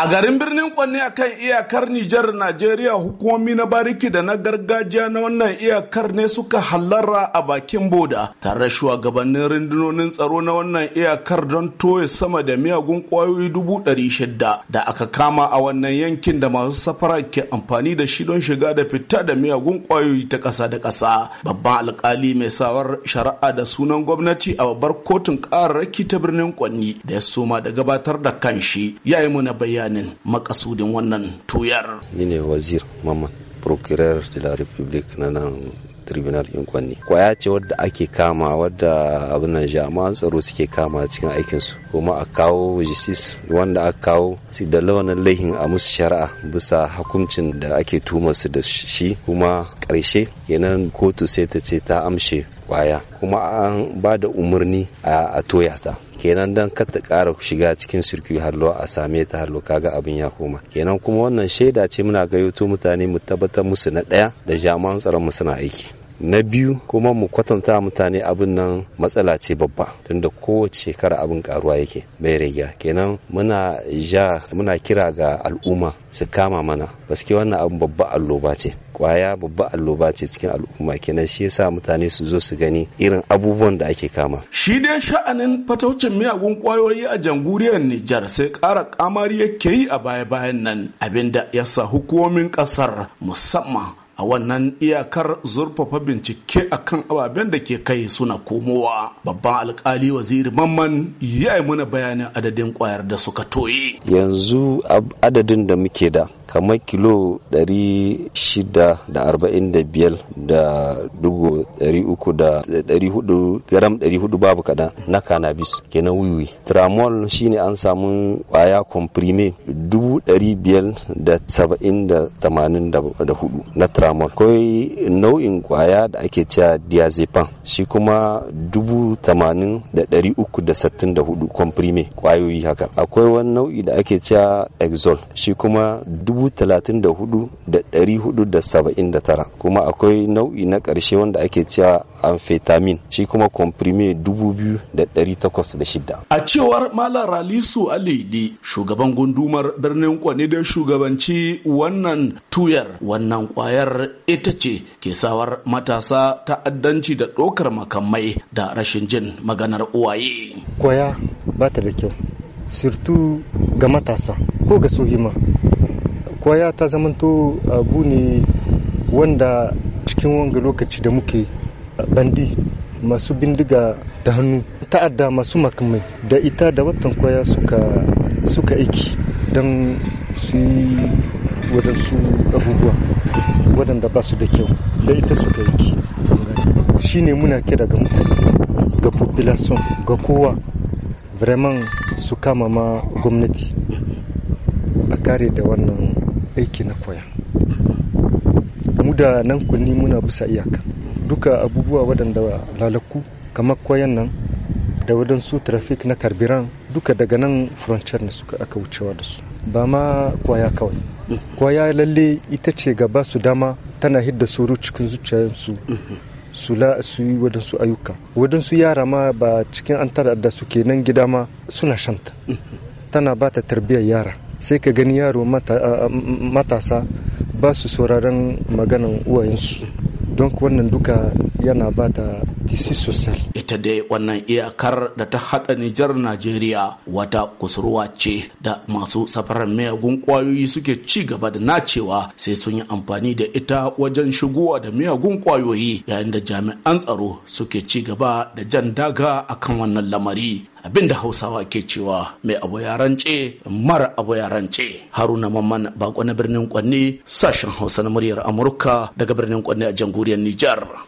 A garin birnin Kwanne a kan iyakar Nijar Najeriya hukumomi na bariki da na gargajiya na wannan iyakar ne suka halarra a bakin boda tare shugabannin rundunonin tsaro na wannan iyakar don toye sama da miyagun kwayoyi dubu ɗari shida da aka kama a wannan yankin da masu safara ke amfani da shi don shiga da fita da miyagun kwayoyi ta ƙasa da ƙasa. Babban alkali mai sawar shari'a da sunan gwamnati a babbar kotun ƙararraki ta birnin Kwanni da ya soma da gabatar da kanshi ya yi muna na bayani. bayanin makasudin wannan tuyar ni ne wazir mamman procureur de la republique na nan tribunal in kwanne. kwaya ce wadda ake kama wadda abin nan jami'an tsaro suke kama cikin aikinsu kuma a kawo jisis wanda aka kawo su da launin laihin a musu shari'a bisa hukuncin da ake tuma su da shi kuma karshe kenan kotu sai ta ce ta amshe kwaya kuma an ba da umarni a toyata. kenan dan ka ta ƙara shiga cikin sirki hallo a same ta hallo kaga abin ya koma kenan kuma wannan shaida ce muna gayyato mutane mu tabbatar musu na ɗaya da jami'an tsaron mu suna aiki na biyu kuma mu kwatanta mutane abin nan matsala ce babba tunda kowace shekara abin karuwa yake bai rage kenan muna ja muna kira ga al'umma su kama mana Baski wannan abin babba alloba ce kwaya babba alloba ce cikin al'umma kenan shi yasa mutane su zo su gani irin abubuwan da ake kama shi dai sha'anin fataucin miyagun kwayoyi a jamhuriyar Nijar sai kara kamar yake yi a baya-bayan nan abinda yasa hukumomin kasar musamman a wannan iyakar zurfafa bincike a kan ababen da ke kai suna komowa babban alkali waziri mamman ya yi mana bayanin adadin kwayar da suka toye yanzu adadin da muke da kamar kilo 645 da dugu 300 gram 400 babu kada na cannabis kenan wiwi tramol shine an samu kwaya comprime 574 na tramol kama akwai nau'in kwaya da ake cewa diazepam shi kuma dubu tamanin da ɗari uku da sattin da hudu komprime kwayoyi haka akwai wani nau'i da ake cewa exol shi kuma dubu talatin da hudu da ɗari hudu da saba'in da tara kuma akwai nau'i na ƙarshe wanda ake cewa amfetamin shi kuma komprime dubu biyu da ɗari takwas da shida. A cewar Malam Ralisu Alidi shugaban gundumar birnin Kwani da shugabanci wannan tuyar wannan kwayar ita ce ke sawar matasa ta'addanci da ɗaukar makamai da rashin jin maganar uwaye. Kwaya ba ta da kyau, sirtu ga matasa ko ga sohima. Kwaya ta zamanto abu ne wanda cikin wanga lokaci da muke bandi masu bindiga da hannu ta'adda masu makamai da ita da watan kwaya suka aiki don su yi waɗansu abubuwa wadanda ba su da kyau da ita suka aiki shi ne muna kira ga ga population ga kowa vraiment su kama ma gwamnati a kare da wannan aiki na kwaya mu da nan kunni muna bisa iyaka duka abubuwa waɗanda lalaku kamar kwayan nan da waɗansu trafik na karbiran duka daga nan frontier na suka aka wucewa da su ba ma kwaya kawai kwaya lalle ita ce gaba su dama tana hidda soro cikin zuciyarsu su la su yi waɗansu ayyuka waɗansu yara ma ba cikin an da su nan gida ma suna shanta tana ba ta tarbiyyar yara sai ka gani yaro matasa ba su sauraron maganan uwayensu don wannan duka yana ba ta tisi sosai ita dai wannan iyakar da ta hada nijar najeriya wata kusurwa ce da masu safarar miyagun kwayoyi suke ci gaba da nacewa sai sun yi amfani da ita wajen shigowa da miyagun kwayoyi yayin da jami'an tsaro suke ci gaba da jan daga akan wannan lamari abin da hausawa ke cewa mai abu ya rance mara abu ya rance haruna mamman bako na birnin kwanni sashen hausa na muryar amurka daga birnin kwanni a jamhuriyar nijar